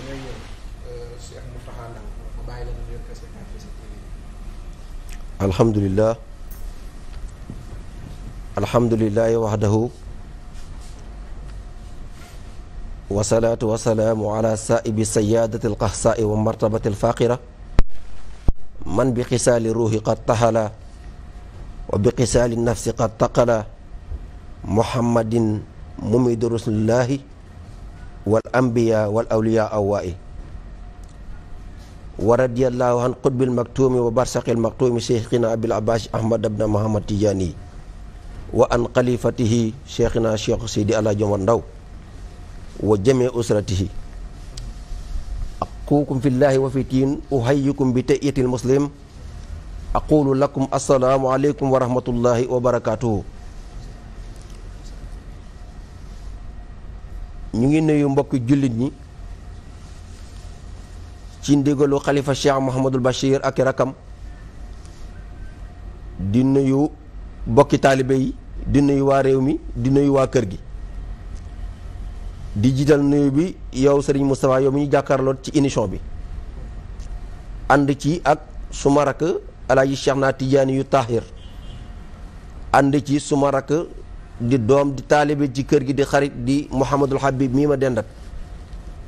damay ñëw Cheikh Mountakha Ndao ma bàyyi la nga nuyoog téléspectateur Sept TV alhamdulilah alhamdulilahi waxdahu wasalaatu wasalaamu ala saaibi sayaadati alqahsaai wa martabati alfaqira man bi xisaali ruuxi qad taxala wa bi xisaali nafsi qad taqala muhammadin mumidu rasulillahi wal anbiya wal awliya awwaa'i wa radiyallahu an qutbil maktuumi wa barsaqil maktuumi cheikhina abil abbas ahmad abna muhammad tijaani wa an xalifatihi cheikhina cheikh sidi àla jomar ndaw wa jami usratihi aquukum fillaahi wa fi tiin uhayyikum bi tahiyatil muslim aqulu lakum assalaamu aleykum wa rahmatullahi wa barakatuhu ñu ngi nuyu mbokki jullit ñi ci ndigalu xalifa cheikh Mouhamadul Bachir ak rakam di nuyu mbokki taalibe yi di nuyu waa réew mi di nuyu waa kër gi di jiital nuyu bi yow Serigne Moustapha yow mi ñu jàkkaarloo ci émission bi ànd ci ak suma rakk alaaji cheikh naa Tidiane yu Tahir ànd ci suma rakk di doom di taalibe ci kër gi di xarit di Mouhamadul Habib mii ma dendat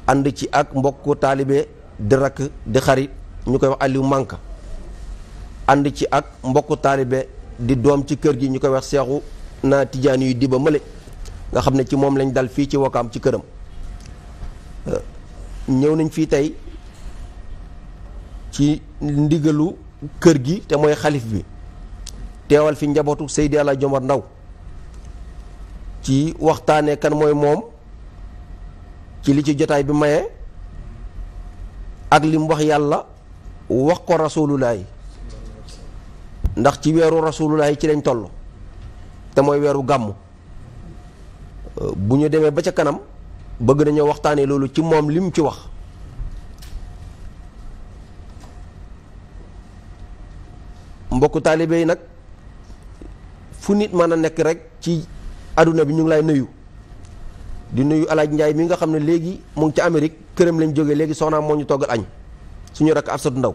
ànd ci ak mbokku taalibe di rakk di xarit ñu koy wax Aliou Manka ànd ci ak mbokku taalibe di doom ci kër gi ñu koy wax seexu na tijaani yu diba mële nga xam ne ci moom lañ dal fii ci wakaam ci këram euh, ñëw nañ fii tey ci ndigalu kër gi te mooy xalif bi teewal fi njabootu Seydi Alaaji Omar Ndaw ci waxtaanee kan mooy moom ci li ci jotaay bi maye ak lim wax yàlla wax ko rasululaay ndax ci weeru rasulullahi ci lañ toll te mooy weeru gàmm bu ñu demee ba ca kanam bëgg nañoo waxtaanee loolu ci moom lim ci wax mbokku taalibe nag fu nit mën a nekk rekk ci aduna bi ñu ngi lay nuyu di nuyu alaaj Njaay mi nga xam ne léegi mu ngi ci Amérique këram lañ jógee léegi soxna moo ñu toggal añ suñu rakk Absatu Ndaw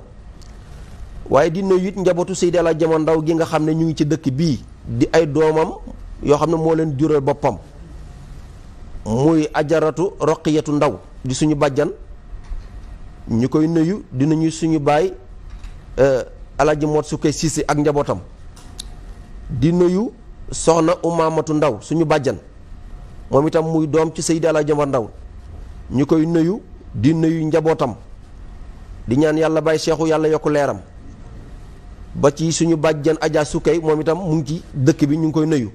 waaye di nuyu it njabootu Seydi Alaaj Ndaw gi nga xam ne ñu ngi ci dëkk bii di ay doomam yoo xam ne moo leen jural boppam muy ajaratu roqiyatu ndaw di suñu bàjjan ñu koy nuyu di nuyu suñu baay euh, Alaaji Mot su koy Siise ak njabootam di nuyu soxna Umaamatu Ndaw suñu bàjjan moom itam muy doom ci Seydi Alaaji Omar Ndaw ñu koy nuyu di nuyu njabootam di ñaan yàlla bàyyi seexu yàlla yokk leeram ba ci suñu bàjjan su kay moom itam mu ngi ci dëkk bi ñu ngi koy nuyu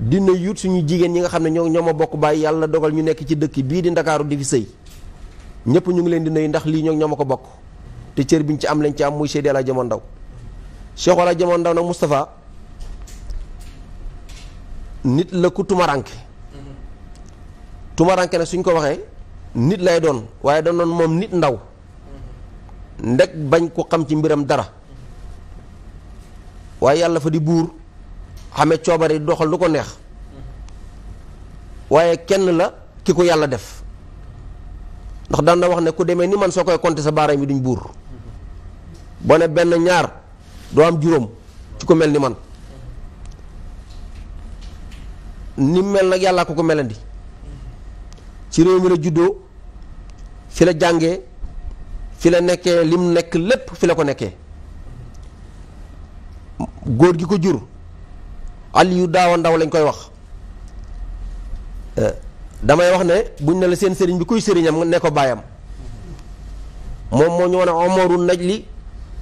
di nuyu suñu jigéen ñi nga xam ne ñoo ñoo ma bokk bàyyi yàlla dogal ñu nekk ci dëkk bii di Ndakaaru di fi sëy ñëpp ñu ngi leen di nuyu ndax lii ñoo ñoo ma ko bokk te cër biñ ci am lañ ci am muy Seydi Alaaji Omar Ndaw Seexu Alaaji Omar nit la ku tumaranke tumaranke nag suñ ko waxee nit lay doon waaye da doon moom nit ndaw ndeg bañ ko xam ci mbiram dara waaye yàlla fa di buur xame coobare yi doxal lu ko neex waaye kenn la ki ko yàlla def ndax daan na wax ne ku demee ni man soo koy compter sa baaraam yi duñ buur boo benn ñaar doo am juróom ci ku mel ni man ni mel nag yàllaa ko ko melandi ci réew mi la juddoo fi la jàngee fi la nekkee lim nekk lépp fi la ko nekkee góor gi ko jur yu Daawa Ndaw lañ koy wax eh, damay wax ne buñ ne la seen sëriñ bi kuy sëriñam ne ko baayam moom moo ñu li Omaru Najli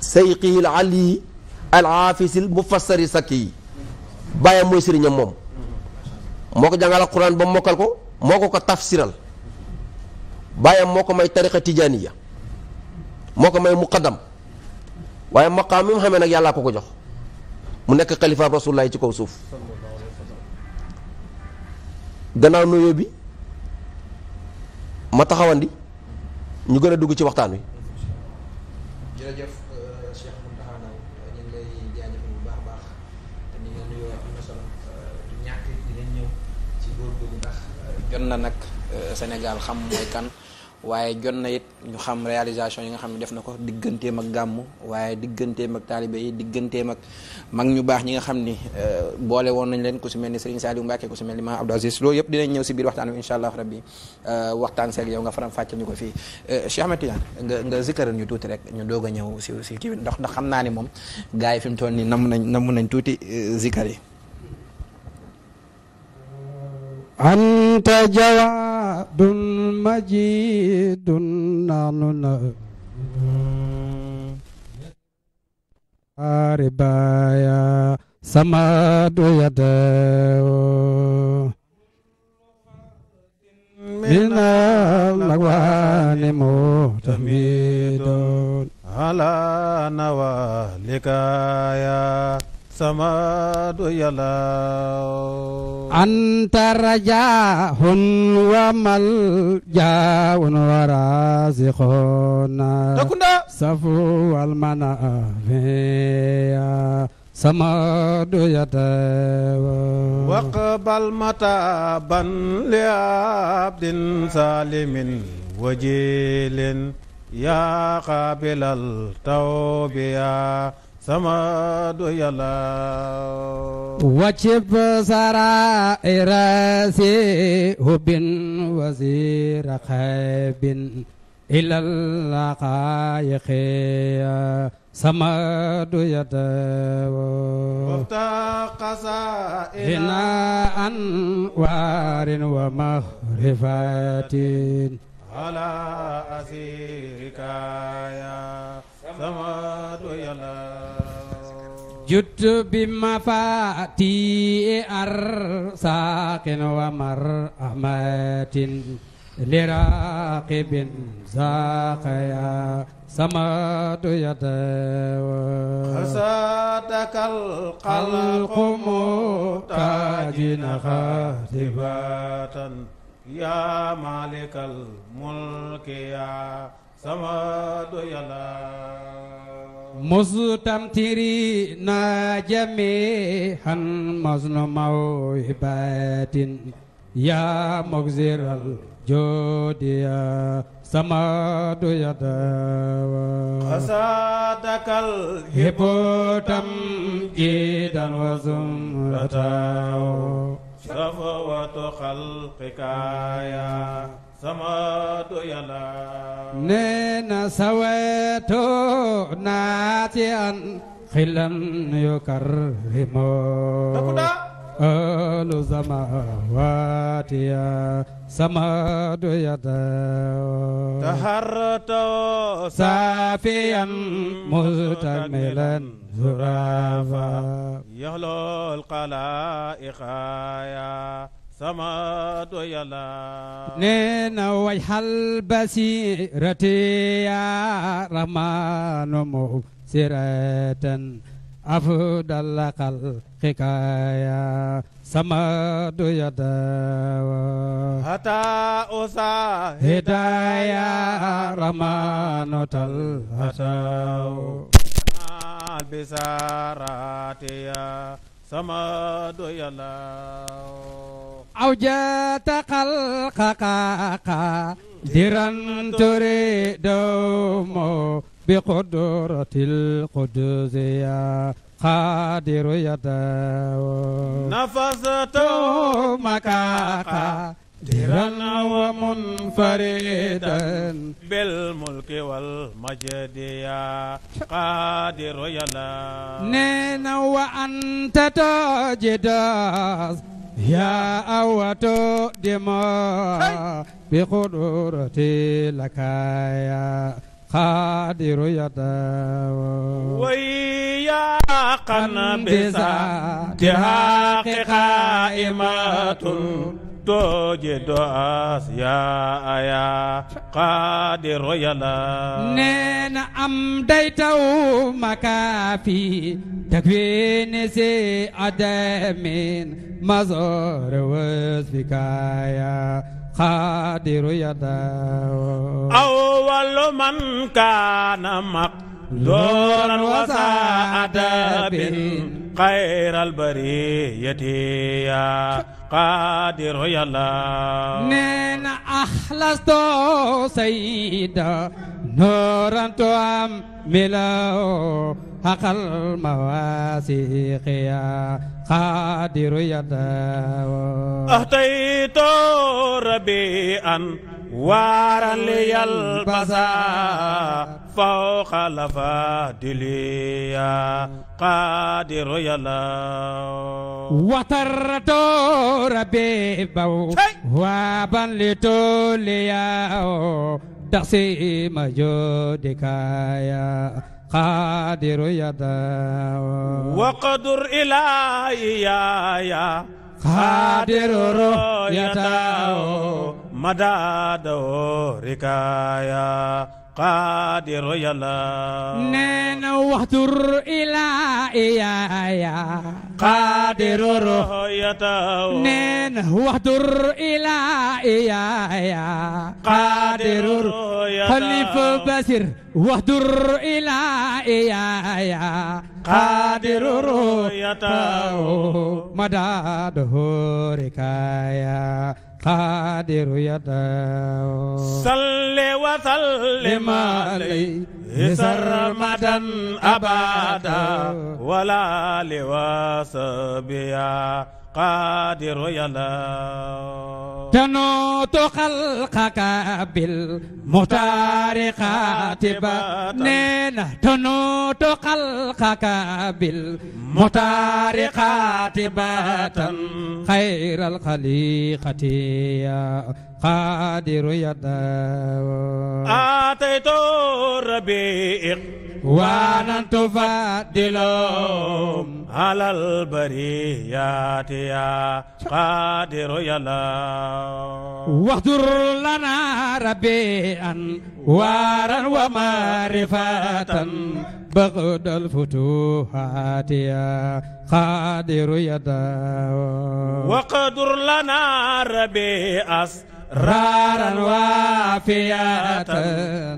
sayqihil ali al aafisil mufassari sakki yi baayam mooy sëriñam moom moo ko jàngal alquran ba mokkal ko moo ko ko tafsiral bàyyam moo ko may tariqa tijaaniya moo ko may muqaddam waaye maqaam mi mu xamee nag yàllaa ko ko jox mu nekk xalifa rasulullah ci kaw suuf gannaaw nuyoo bi ma taxawandi ñu gën a dugg ci waxtaan wi. Euh, ci jot na nag euh, Sénégal xam mooy kan waaye jot na yit ñu xam réalisation yi nga xam ne def na ko digganteem ak gàmmu waaye digganteem ak taalibe yi digganteem ak mag ñu baax ñi nga xam ni euh, boole woon nañ leen ku si mel ni Serigne Saliou Mbacké ku si mel ni Maam Abdou Aziz loolu yëpp dinañ ñëw si biir waxtaan wi incha allah rabbi euh, waxtaan seeg yow nga faram fàcce ñu ko fii Cheikh nga nga nga zikkaral ñu tuuti rek ñu doog a ñëw si si kii ndox ndax xam naa ni moom gars yi fi mu nii nam nañ nam nañ tuuti zikkar yi أنت جواد مجيد نحن أربايا سماد يداو من الأغوان مهتمد على نوالك يا سماد يلاو أنت رجاء وملجاء ورازقنا سفو المنافع سماد يداو وقبل متابا لعبد سالم وجيل يا قابل التوبة samadu yàlla wacib sara irasi hubin wasira xaybin ilalla xayiqi samadu yàlla waftaqasa ina an waarin wa mahrifatin ala asirikaya جد بمفاتي أرساق ومرأمة لراقب ساق يا سماد يداو خساتك القلق متاجن خاتباتا يا مالك الملك يا samadu yàlla mustamtiri na jamihan masnu mawhibatin ya mugziral jodiya samadu yadawa qasadakal hibutam jidan wa zumrataw safawatu khalqika ya samadu yàlla nee na saweetu naati an xilan yu karrimo alu samawaati ya samadu yàlla taharto saafiyan mustamilan zurafa yaxlul qalaa'iqa ya sama doyala neena waj hal basirati ya rahmanu mu siratan afdal khalqika ya sama doyala hata usa hidaya rahmanu tal hasau sama doyala أوجات خلقك ديرا تريد بقدرة القدس يا قادر يداو نفست مكاكا ديرا ومنفردا بالملك والمجد يا قادر يداو نين وأنت تجداس يا أوت دماء بقدرتي لك يا قادر يداو ويا قنبسة تهاق قائمة to jeddo as yaa neena am day taw makaafi takwiin si adamin mazor wasfikaaya qaadiro yàlla awwalu man kaana mak dooran wasaadabin خير البرية يا قادر يا الله نين أخلصت سيدا نورا توام ملاو حق المواسيق يا قادر يا الله أهتيت ربي أن وارا ليلبس فوق لفادليا قادر يلا وطر ربي بو وابا لتوليا تقسيم جودك يا قادر يدا وقدر إلهي يا قادر رؤيتا madaadowo rikaaya qaadiru yàlla neena waxtur ilaa iyaaya qaadiru royataw neena waxtur ilaa iyaaya qaadiru royataw xalif basir waxtur ilaa iyaaya قادر رؤيته مدى دهورك يا قادر يداه صل وسلم عليه سرمدا أبدا ولا لواسبيا قادر يا الله تنوت خلقك بالمختار قاتبا نينا تنوت خلقك بالمختار قاتبا خير الخليقة يا قادر يا الله آتيت ربي وانا تفضلهم على البريات يا قادر يا الله واغفر لنا ربيعا وارا ومعرفة بغد الفتوحات يا قادر يا الله واقدر لنا ربيعا رارا وافية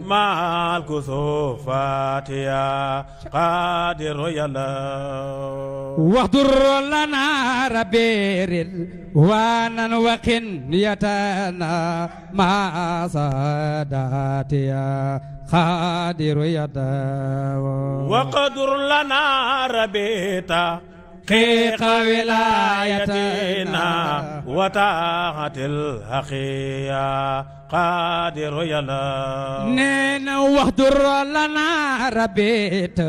مع الكسوفات يا قادر يا الله واغدر لنا ربير وانا وقنيتنا مع سادات يا قادر يا وقدر لنا ربيتا حقيق ولايتنا وطاعة الحقيقة قادر يلا نينا وحضر لنا ربيت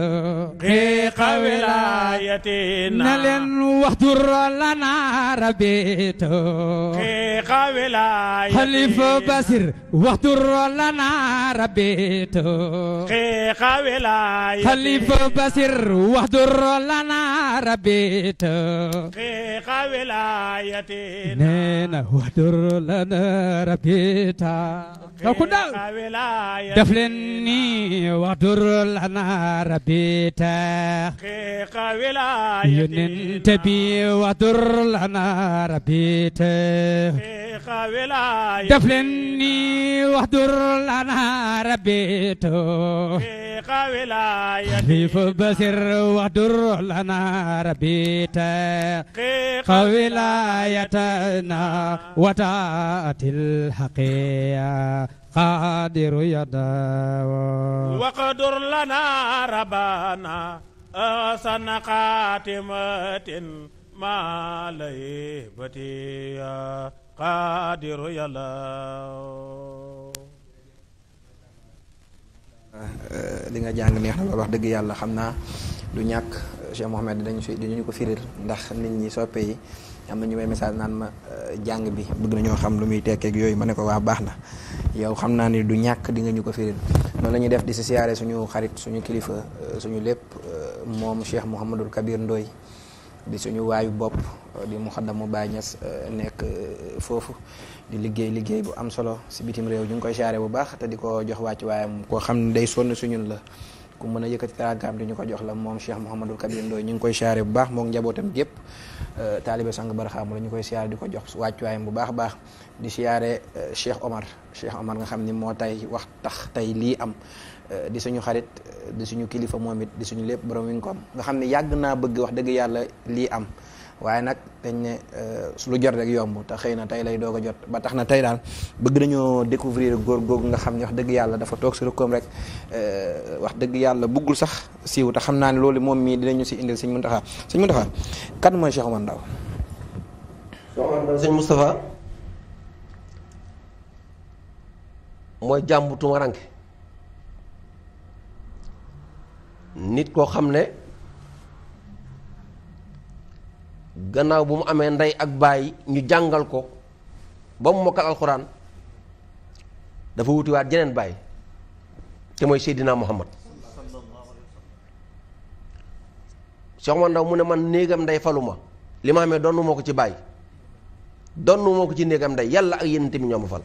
قيق ولايتنا نلن وحضر لنا ربيت قيق ولايتنا خليف بصير وحضر لنا ربيت قيق ولايتنا خليف بصير وحضر لنا ربيت قيق ولايتنا نينا وحضر لنا ربيت taw ku ndaw def leen nii waxdur lana rabbi tax yonent bi waxdur lana rabbi tax def leen nii waxdur lana rabbi tax xalifa basir waxdur lana rabbi tax qawilayatana wataatil xaqi يا قادر يداه وقدر لنا ربنا أحسن خاتمة ما ليبتي يا قادر يا eh, li nga jàng neex na loolu wax dëgg yàlla xam naa du ñàkk Cheikh Mohamed dañu dañu ko firir ndax nit ñi soppe yi am na ñu may message naan ma euh, jàng bi bëgg na ñoo xam lu muy tekkeeg yooyu ma ne ko waa baax na yow xam naa ni du ñàkk di nga ñu ko firil noonu la ñuy def di si siyaare suñu xarit suñu kilifa euh, suñu lépp euh, moom Cheikh Mouhamadul Kabir Ndoye di suñu waayu bopp di mu mu Baay Ñas nekk foofu di liggéey liggéey bu am solo si bitim réew ñu ngi koy siyaare bu baax te di ko jox wàcc waayam koo xam ne day sonn suñun la ku mën a yëkkati teraangaam di ñu ko jox la moom Cheikh Mouhamadul Kabir Ndoye ñu ngi koy siyaare bu baax moom njabootam gépp euh, taalibe sang barxaamu la ñu koy siyaare di ko jox wàccuwaayam bu baax baax di siyaare euh, Cheikh Omar Cheikh Omar nga xam ni moo tay wax tax tey lii am euh, di suñu xarit di suñu kilifa moomit di suñu lépp borom wi nga ko am nga xam ne yàgg naa bëgg wax dëgg yàlla lii am waaye nag dañ ne eh, su lu jot rek yomb te xëy na tey lay doo ko jot ba tax na tey daal bëgg nañoo découvrir góor googu nga xam ne wax dëgg yàlla dafa toog si rëkkoom rek eh, wax dëgg yàlla buggul sax siiw te xam naa ne loolu moom mii dinañu si indil mun sëñ Muntaxa sëñ Muntaxa kan mooy Cheikh Oumar Ndaw sëñ Moustapha mooy jàmbu tumaranke nit koo xam ne gannaaw bu mu amee ndey ak baay ñu jàngal ko ba mu mokkal alxuraan dafa wutiwaat jeneen baay te mooy Seydina Muhammad soxna ndaw mu ne man néegam ndey faluma li ma xamee donnu moo ko ci baay doon moo ko ci néegam ndey yàlla ak yenn tamit ñoo fal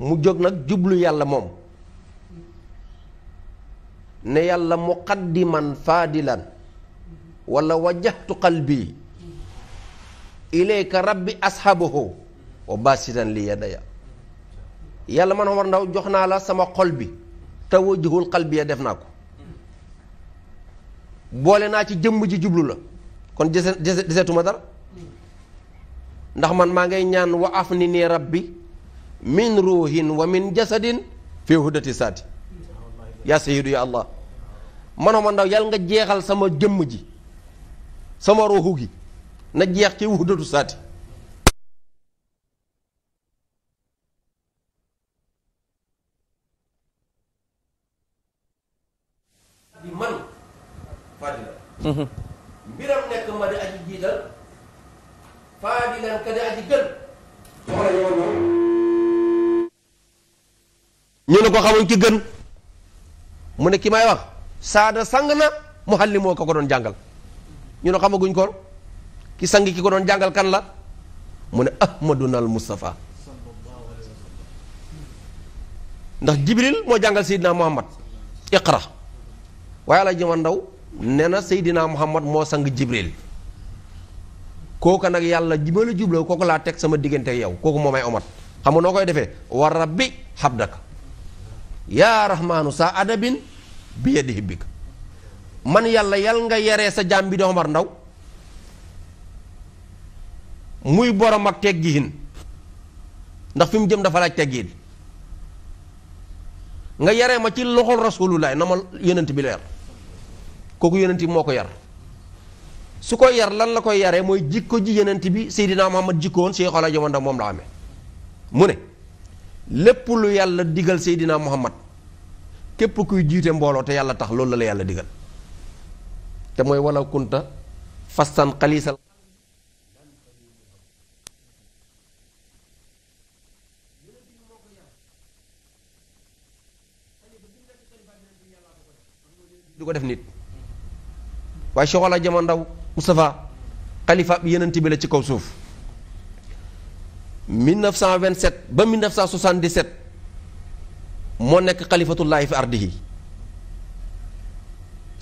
mu jóg nag jublu yàlla moom ne yàlla mu muqaddiman faadilan wala wajjahtu qalbi ilayka rabbi ashabahu wa basitan li yadaya yàlla man Omar Ndaw jox naa la sama xol bi te wajjahul qalbi ya def naa ko boole naa ci jëmm ji jublu la kon dese desetuma dara ndax man maa ngay ñaan wa af ni nii rabbi min ruuhin wa min jasadin fi hudati saati yaa sayidu ya allah man Omar Ndaw yàlla nga jeexal sama jëmm ji sama ruuxu gi na jeex ci wuxdatu saati bi man fadila mhm. nekk ma di aji jiital fadilan ka di aji gën ñu ne ko xamuñ ci gën mu ne ki may wax saada sang na mu xalli moo ko ko doon jàngal ñu ne xamaguñ ko ki sang ki ko doon jàngal kan la mu ne ahmaduna al mustafa ndax jibril moo jàngal seydinaa muhammad iqra waaye la jëma ndaw ne na seydinaa muhammad moo sang jibril kooka nag yàlla ji ma la jubloo kooku laa teg sama diggante yow kooku moo may omat xam nga noo koy defee wa rabbi habdaka yaa rahmaanu saa adabin bi yadi hibbika man yàlla yal nga yaree sa jaam bi di Omar Ndaw muy borom ak teggiin ndax fi mu jëm dafa laaj teggiin nga yaree ma ci loxol rasulullah na ma yenent bi la yar kooku yonent bi moo ko yar su ko yar lan la koy yaree mooy jikko ji yonent bi Seydina Muhammad jikkoon si Alaaji Omar moom la amee mu ne lépp lu yàlla digal Seydina Muhammad képp kuy jiite mbooloo te yàlla tax loolu la la yàlla digal te mooy walaw kunta fastan xaliisal du ko def nit waaye soxla jama ndaw Moustapha xalifa bi yeneen bi la ci kaw suuf 1927 ba 1977 moo nekk xalifatullaahi fi ardihi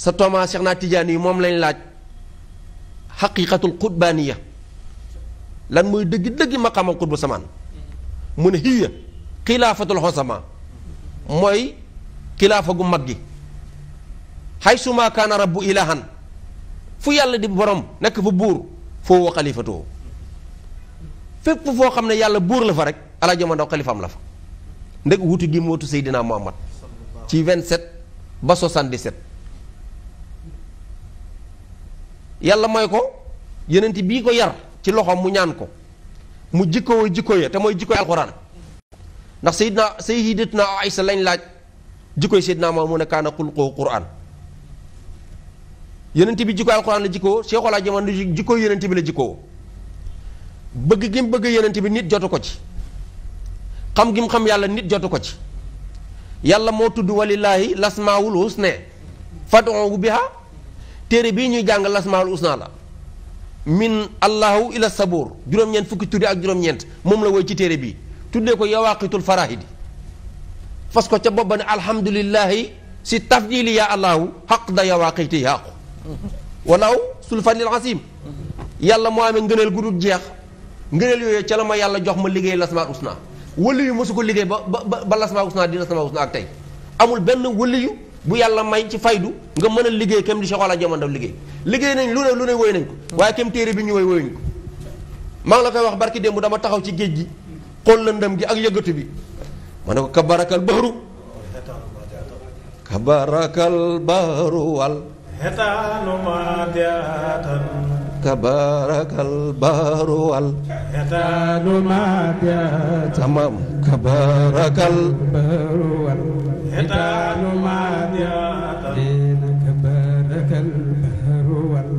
sa Thomas Cheikh naa Tidiane yi moom lañ laaj xaqiqatul qutbaaniya lan mooy dëgg dëgg maqaamam qutbu samaan mu ne hiya xilaafatul xosama mooy xilaafa gu mag gi xay suma kaana rabbu ilahan fu yàlla di borom nekk fa buur foo wa xalifatoo fépp foo xam ne yàlla buur la fa rek ala jama ndaw xalifaam la fa ndeg wutu gi mu wutu Seydina Muhammad ci 27 ba 77 yàlla mooy ko yenent bii ko yar ci loxoom mu ñaan ko mu jikkoo jikko ya te mooy jikkoy alxuraan ndax sayidna sayidatna Aysa lañ laaj jikkoy sayidna ma mu ne kaana xulqoo quraan yenent bi jikkoy alxuraan la jikkoo seexolaa jamono jikko yenent bi la jikkoo bëgg gi mu bëgg yenent bi nit jotu ko ci xam gi mu xam yàlla nit jotu ko ci yàlla moo tudd walilaahi lasmaawul husna fad'uuhu biha téere bi ñuy jàng lasmaal usna la min allahu ila sabuur juróom-ñeent fukki tudde ak juróom-ñeent moom la woy ci téere bi tuddee ko yawaaqitul farahidi fas ko ca bopp ba ne alhamdulillahi si tafdili yaa allahu xaq da yawaaqiti yaaqu walaaw sul fadlil asim yàlla moo amee ngëneel gu jeex ngëneel yooyu ca la ma yàlla jox ma liggéey lasmaal usna wëli yu mosu ko liggéey ba ba ba lasmaal usna di lasmaal usna ak tey amul benn wëli bu yàlla may ci faydu nga mën a liggéey kem di Cheikh Wala Jaman daf liggéey liggéey nañ lu ne lu ne woy nañ ko waaye kem téere bi ñu woy woyuñ ko maa ngi la koy wax barki démb dama taxaw ci géej gi xool lëndëm gi ak yëgatu bi ma ne ko kabarakal bahru kabarakal bahru kabarakal baruwal yataanu maatiya tamam kabarakal baruwal yataanu maatiya dina kabarakal baruwal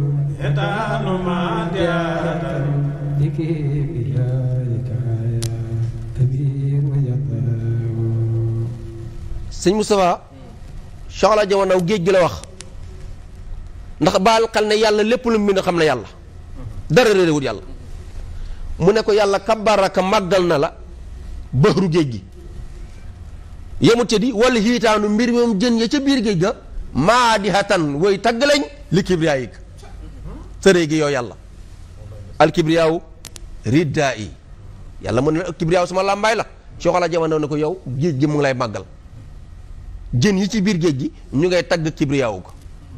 yataanu maatiya dikki sëñ Moustapha soxla jamono géej gi la wax ndax baal xel ne yàlla lépp lu mu mën a xam ne yàlla dara réerewut yàlla mu ne ko yàlla kabaraka màggal na la bëxru géej gi yemut ca wala xiitaanu mbir moom jën ya ca biir géej ga maadihatan woy tagg lañ yow yàlla alkibriyaawu riddaa yi yàlla mu ne kibriyaawu sama làmbaay la sooxala jamono ne ko yow géej gi mu ngi lay màggal jën yi ci biir géej gi ñu ngay tagg kibriyaawu ko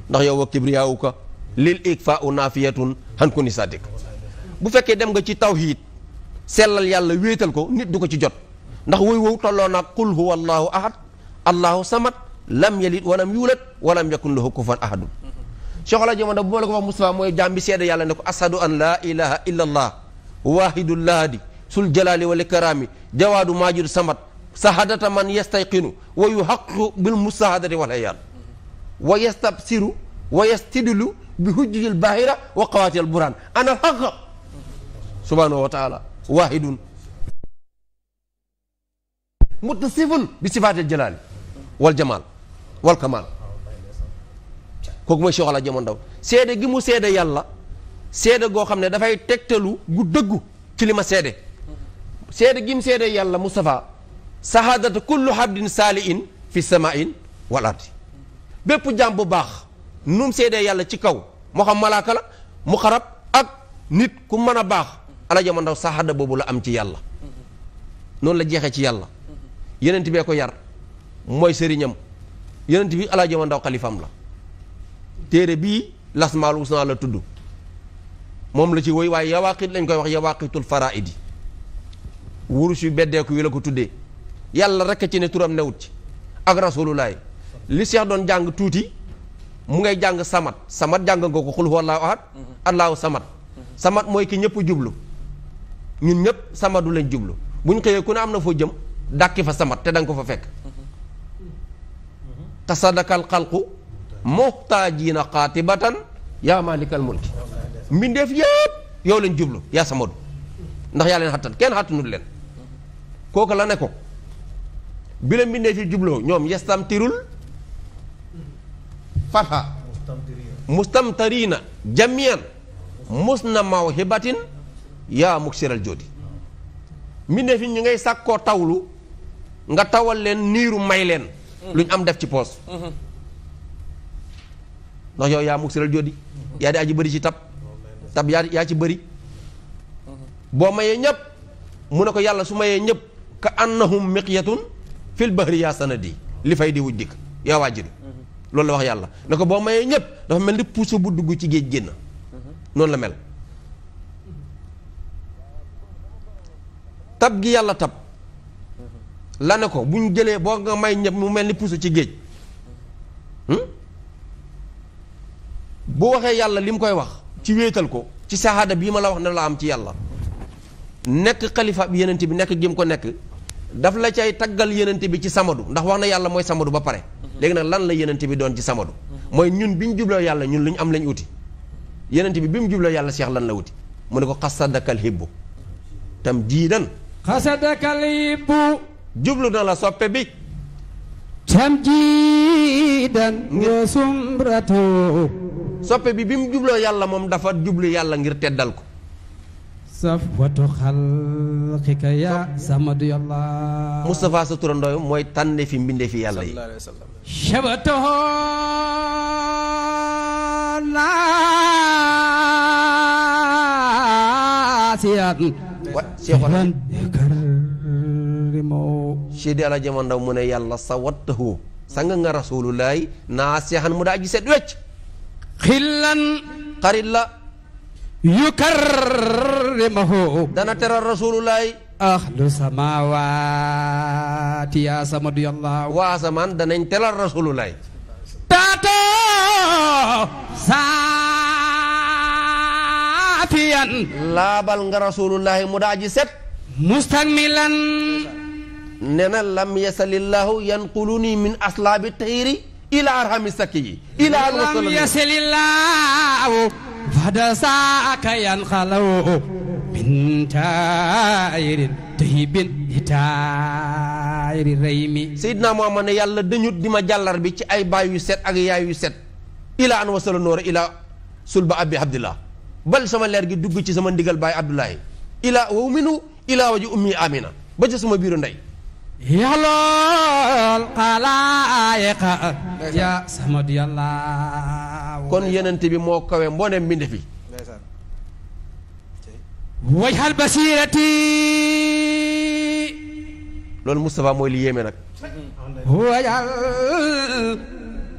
ndax yow wa kibriyaawuka lil ikfaau naafiyatun han kuni sadiq bu fekkee dem nga ci tawhiid sellal yàlla wéetal ko nit du ko ci jot ndax woy wow tolloo naag qul huwa allahu ahad allahu samad lam yalid walam yuulad walam yakun lahu kufuwan ahadun soxla jamono bu ma ko wax mooy jaam bi yàlla ne ko ashadu an laa ilaha illa allah waahidul lahadi sul jalaali wal ikraami jawaadu maajudu samad sahadata man yastayqinu wa yuhaqqu bil musahadati wal hayaan wa yastabsiru wa yastidlu bi hujjil bahira wa qawatil buran ana al haqq subhanahu wa taala wahidun muttasifun bi sifatil jalali wal jamal wal kamal kooku mooy Cheikh El Hadj Omar Ndao seede gi mu seede yàlla seede goo xam ne dafay tegtalu gu dëggu ci li ma seede seede gi mu seede yàlla Moustapha sahadata kullu habdin saalihin fi samain wal ardi bépp jaam bu baax nu mu seedee yàlla ci kaw moo xam malaaka la mu xarab ak nit ku mën a baax alajama ndaw saxada boobu la am ci yàlla noonu la jeexe ci yàlla yenent bee ko yar mooy sëriñam yenent bi alajama ndaw xalifam la téere bii lasmaal usna la tudd moom la ci woy waaye yawaaqit lañ koy wax yawaaqitul faraidi wurus yu beddeeku yi la ko tuddee yàlla rekk ci ne turam newut ci ak rasulullaay li Cheikh doon jàng tuuti mu ngay jàng samat samat jàng nga ko xul huwallaahu ahad mhm. allaahu samat mhm. samat mooy ki ñëpp jublu ñun ñëpp samadu lañ jublu buñ xëyee ku ne am na foo jëm dàkki fa samat te da ko fa fekk mhm. tasadakal xalqu muxtaajiina xaatibatan yaa maalikal mulki mbindeef yëpp yow lañ jublu yaa samadu ndax yaa leen xattan kenn xattanul leen kooku la ne ko bi la mbindeef yi jubloo ñoom yestam tirul fatha mustamtarina jamian musna mawhibatin yaa muksiral jodi mbindeef yi ñu ngay sàkkoo tawlu nga tawal leen niiru may leen lu ñu am def ci poos ndax yow yaa muksiral jodi yaa di aji bëri ci tab tab yaa yaa ci bëri boo mayee ñëpp mu ne ko yàlla su mayee ñëpp ka annahum miqyatun fil bahri yaa sanadi li fay di wuj dikk yaa waajiri loolu la wax yàlla ne ko boo mayee ñëpp dafa mel ni puso bu dugg ci géej génn noonu la mel tab gi yàlla tab la ne ko bu ñu jëlee boo nga may ñëpp mu mel ni puso ci géej hmm? bu waxee yàlla li mu koy wax ci wéetal ko ci saxaada bii ma la wax ne la am ci yàlla nekk xalifa bi bi nekk gi mu ko nekk daf la cay taggal yenente bi ci samadu ndax wax na yàlla mooy samadu ba pare léegi nag lan la yenente bi doon ci samadu mooy ñun bi ñu jubloo yàlla ñun lu ñu am lañ uti yenente bi bi mu jubloo yàlla cheikh lan la uti mu ne ko xasadakal hibbu tam jiidan xasadakal hibbu jublu na la soppe bi tam jiidan wa sumratu soppe bi bi mu jubloo yàlla moom dafa jublu yàlla ngir teddal ko safwatu xalqika ya samadu yàlla Moustapha Ndaw mu ne yàlla sa wattahu sanga nga rasulullaay naasiyan mu daa ji set wecc xillan xarit la yukarrimahu dana teral rasulullahi ahlu samawati ya samadu yàlla wa asamaan danañ teral rasulullahi taato saafiyan laabal nga rasulullahi mu daa ji set mustakmilan nee na lam yasalillahu yanquluni min aslaabi tayri ila arhami sakki yi ila lam yasalillahu فهدى ساعك ينخلو من تاير تهيب taayri rey mi Seydina Muhammad ne yàlla dañut di ma jàllar bi ci ay baay yu set ak yaay yu set ilaa an wasala noora ilaa sulba abi abdillah bal sama leer gi dugg ci sama ndigal baay abdullahi ilaa waw minu ilaa waji ummi amina ba ca sama biiru ndey yàllool xalaayeqa ya samad yàlla kon yenent bi moo kawe mboolem mbindéef yi wajhal basirati loolu Moustapha mooy li yéeme nag wajhal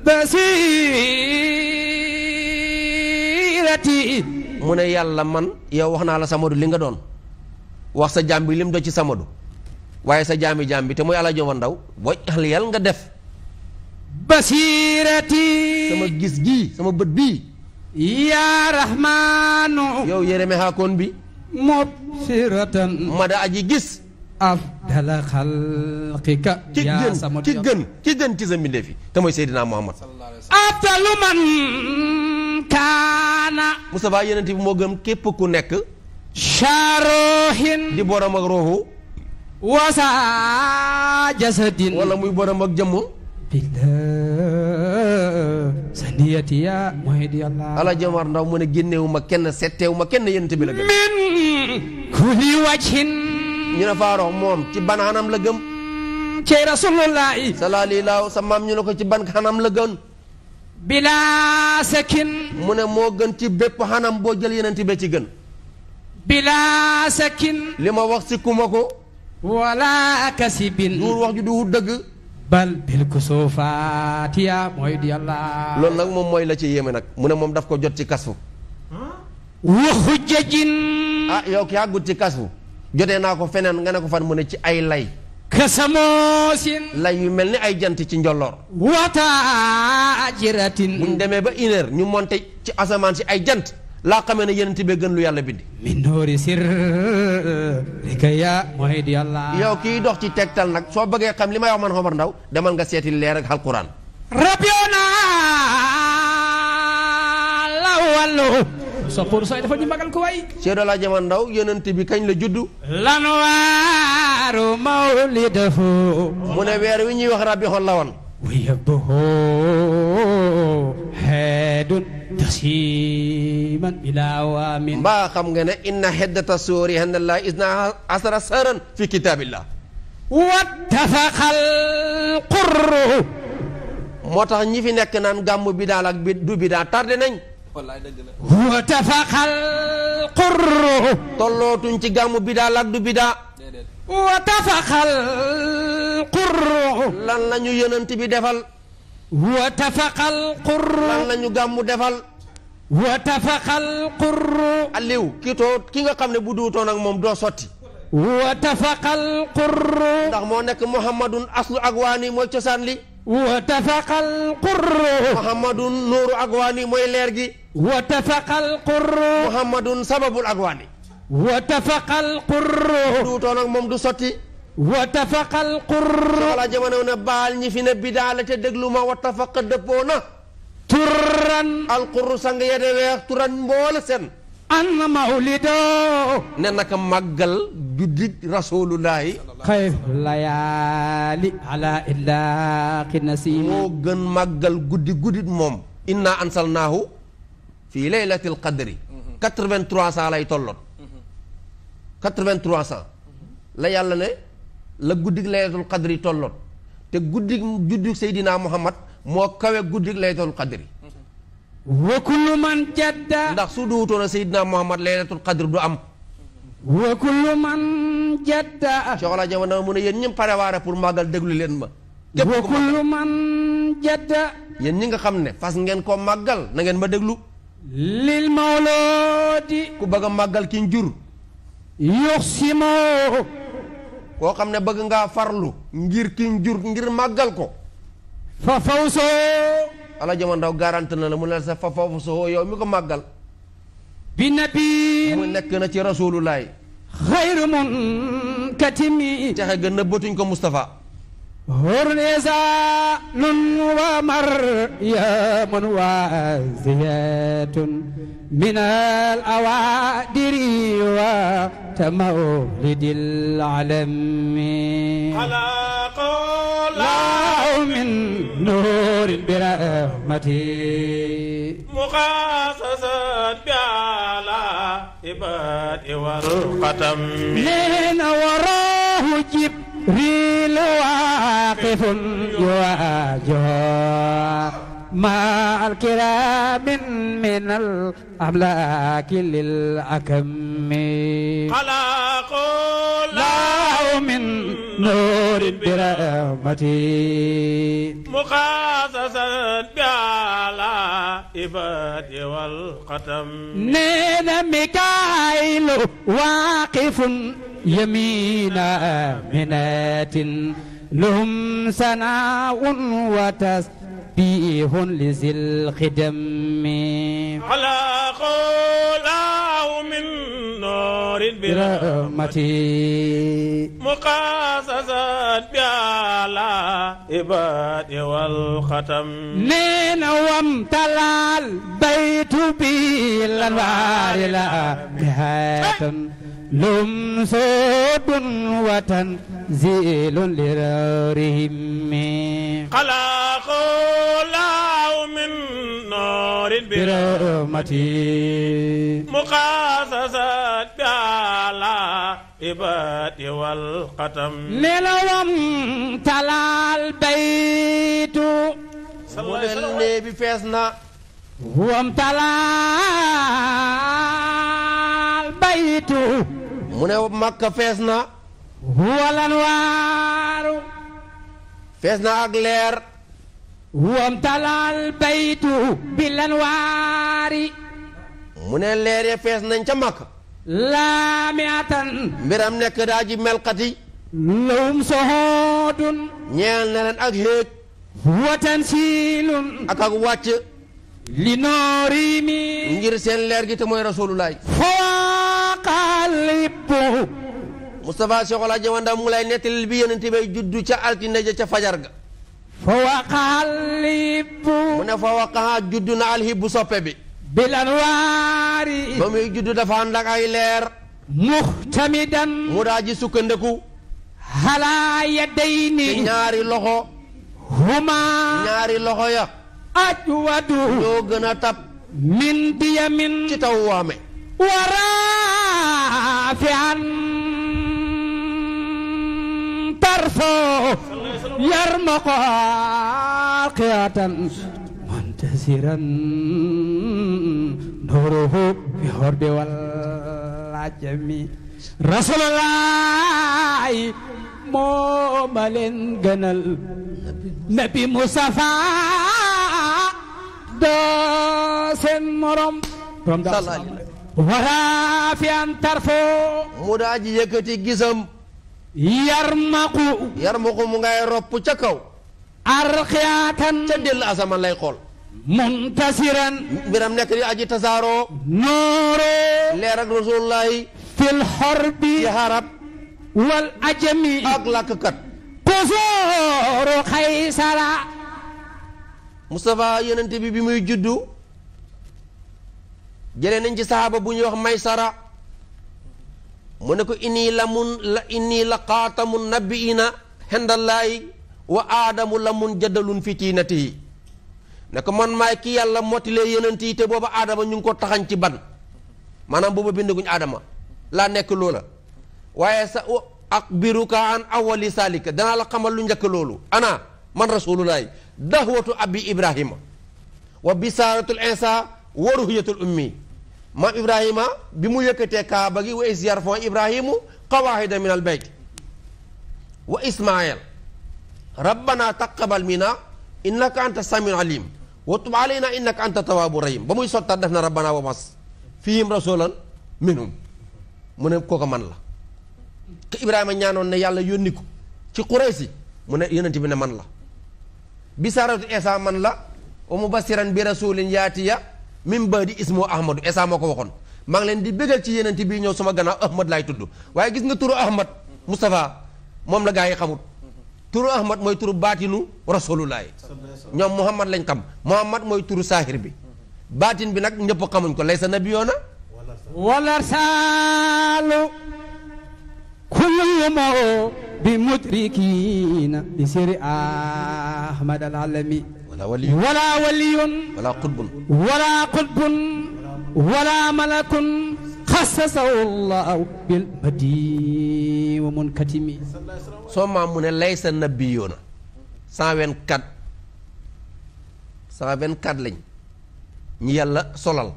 basirati mu ne yàlla man yow wax naa la samadu li nga doon wax sa jaam bi lim do ci samadu waaye sa jaami jaam bi te muy àlla jowan ndaw wajhal yàlla nga def basirati sama gis gi sama bët bii yaa rahmaanu yow yéreme bi mob siratan mada aji gis afdala xalqika ki gën ki gën ci sa mbindéef te mooy Seydina Muhammad afdalu man kaana Moustapha yenente bi moo gëm képp ku nekk charohin di borom ak roohu wasa jasadin wala muy borom ak jëmm ala jamar ndaw mu ne génnewu ma kenn setteewu ma kenn yent bi la gëm kulli wajhin ñu ne faaroox moom ci ban xanam la gëm ci rasulullahi salaalilaahu sa maam ñu ne ko ci ban xanam la gën bilaa sakin mu ne moo gën ci bépp xanam boo jël yenent be ci gën bilaa sakin li ma wax si ko wala kasibin duur wax ju du dëgg bal bil kusufaatiya mooy di yàlla. loolu nag moom mooy la ci yéeme nag mu ne moom daf ko jot ci kasfu. wa xujjajin. ah yow ki àggut ci kasfu. jotee naa ko feneen nga ne ko fan mu ne ci ay lay. kasamoosin. lay yu mel ni ay jant ci njolloor. wataajiratin. buñ demee ba une heure ñu monté ci asamaan si ay jant. laa xamee ne yenent bee gën lu yàlla bindi min noori sir ya mooy di yàlla yow kii dox ci tegtal nag soo bëggee xam li may wax man Omar Ndaw demal nga seeti leer ak alquran rabiona la wàllu soppor sooy dafa ñu magal ko waay seedo laa jaman ndaw yenent bi kañ la juddu lanwaaru mawlidahu mu ne weer wi ñuy wax rabi xol la woon wa yëbbo xeedun ترسيما بلا xam nga ne inna heddata la isna moo tax ñi fi nekk naan gàmmu bi daal ak bi du bi daal nañ wallaay tollootuñ ci gàmmu bi daal ak du bi lan la ñu yonent bi defal wattafaqal qurru lan la gàmmu defal wa tafaqal qurru Aliou ki too ki nga xam ne bu duutoon ak moom doo sotti wa tafaqal qurru ndax moo nekk muhammadun aslu ak waani mooy cosaan li wa tafaqal qurru muhammadun nuuru ak waani mooy leer gi wa tafaqal qurru muhammadun sababul ak waani wa tafaqal qurru duutoon ak moom du sotti wa tafaqal qurru ne baal ñi fi ne bidaa la ca déglu ma wa dëppoo na turan alqurru sang ya weex turan mboole seen anna mawlido ne naka màggal juddi rasulullahi xayru layaali ala illaaqi nasim moo gën màggal guddi guddit moom inna ansalnaahu fii laylatil qadri lay tolloon quatre-vingt-trois cent la yàlla ne la guddig laylatul qadri tolloon te guddig juddi Seydina Muhammad moo kawe guddik laylatul qadri wa man jadda ndax su duutoon a Seydina Muhammad laylatul qadri du am wa man jadda soxla jamono mu ne yéen ñi préparé pour màggal déglu leen ma wa kullu man jadda yéen ñi nga xam ne fas ngeen ko màggal na ngeen ma déglu lil mawlodi ku bëgg a màggal kiñ jur yox simo koo xam ne bëgg ngaa farlu ngir kiñ jur ngir màggal ko fa faw soo ala jamono ndaw garanti na la mu ne sa fa soo oh, yow mi ko màggal bi nabi mu nekk na ci rasulullaay xayru mun katimi texe gën na bëtuñ ko Moustapha هر نزال ومريم وازيات من الأوادر وتمولد العلم خلق الله من نور برحمته مخصصا بأعلى عباد والقتم من وراه جبريل وعلى واقف يواجه مع الكرام من الأملاك للأكم خلق الله من نور برحمتي مقاصصا بعلى إفاد والقتم نين ميكائيل واقف يمين منات لهم سناء وتسبيح لذي الخدم على قوله من نور برحمتي مقاصصا بأعلى عباد والختم من وامتلى البيت بالأنوار لا نهاية لهم سيد وتنزيل لرورهم خلق الله من نار برحمتي مقاصصة على عباد والقتم نلوم تلا البيت صلى الله عليه وسلم wamtalaal baytu mu ne makka fees na huwalan waaru fees na ak leer wamtalaal baytu bilan waari mu ne leer ya fees nañ ca makka laami atan mbiram nekk daa ji lawum soxoodun ñeel na ak héeg watan siilun ak ak wàcc li noori mi. ngir seen leer gi te mooy rasulullah. fooqalibbu. Moustapha Cheikh El Hadj Wanda mu lay nettali bi yonent bay juddu ca altine ja ca fajar ga. fooqalibbu. mu ne fooqa juddu na alhibbu soppe bi. bilan waari. ba muy juddu dafa ànd leer. muxtamidan. mu daa ji sukkandeku. halaa yadayni. ñaari loxo. huma. ñaari loxo ya. aj wadu loo gën a tab min diyamin ci taw waame waraa fi an tarfo yarma ko qiyatan montasiran nuruhu fi horde wal ajami rasulullahi moo ma leen gënal nabi Mustafa doo seen morom borom daal wala fi an tarfo mu daa ji yëkkati gisam yarmaqu yarmaqu mu ngay ropp ca kaw arxiyaatan ca dell asamaan lay xool muntasiran mbiram nekk di aji tasaaroo nooro leer ak rasulullahi fil xorbi ci harab wal ajami ak làkkat kusooru xaysara Moustapha yonent bi bi muy juddu jëlee nañ ci saxaaba bu ñuy wax maysara mu ne ko inni la mun la inni la xaatamu nabiina xendallaayi wa aadamu la mun jaddalun fitinatihi ne ko man maay kii yàlla mottilee yonent yi te booba aadama ñu ngi ko taxañ ci ban maanaam booba bindaguñ aadama laa nekk loola waaye sa axbiruka an awali salika danaa la xamal lu njëkk ana man rasulullahi dahwatu abi ibrahima wa bisaaratul insa wa ruhiyatul ummi maam ibrahima bi mu yëkkatee kaaba wa is yarfon ibrahimu qawaahida min al wa ismail rabbana taqabal mina innaka anta samiul alim wa tub alayna innaka anta tawaabu rahim ba muy sottat def na wa mas fihim rasulan minhum mu ne man la te Ibrahima ñaanoon ne yàlla yónni ko ci Quraysi mu ne yonent bi ne man la bi saaratu Isa man la wa mubassiran bi rasulin yaatiya min ba'di ismu Ahmadu Isa moo ko waxoon maa ngi leen di bégal ci yonent bii ñëw sama gannaaw Ahmad laay tudd waaye gis nga turu Ahmad Moustapha moom la gaa yi xamut turu Ahmad mooy turu baatinu rasulullahi ñoom Muhammad lañ xam Muhammad mooy turu saahir bi baatin bi nag ñëpp xamuñ ko laysa nabiyoona wala saalu كلهم بمدركين بسر أحمد العلمي ولا ولي ولا ولي ولا قطب ولا قطب ولا ملك xasasahu llahu bil badi wa munkatimi soo maam mu ne laysa nabiyuna cent vingt quatre cent vingt quatre lañ ñi yàlla solal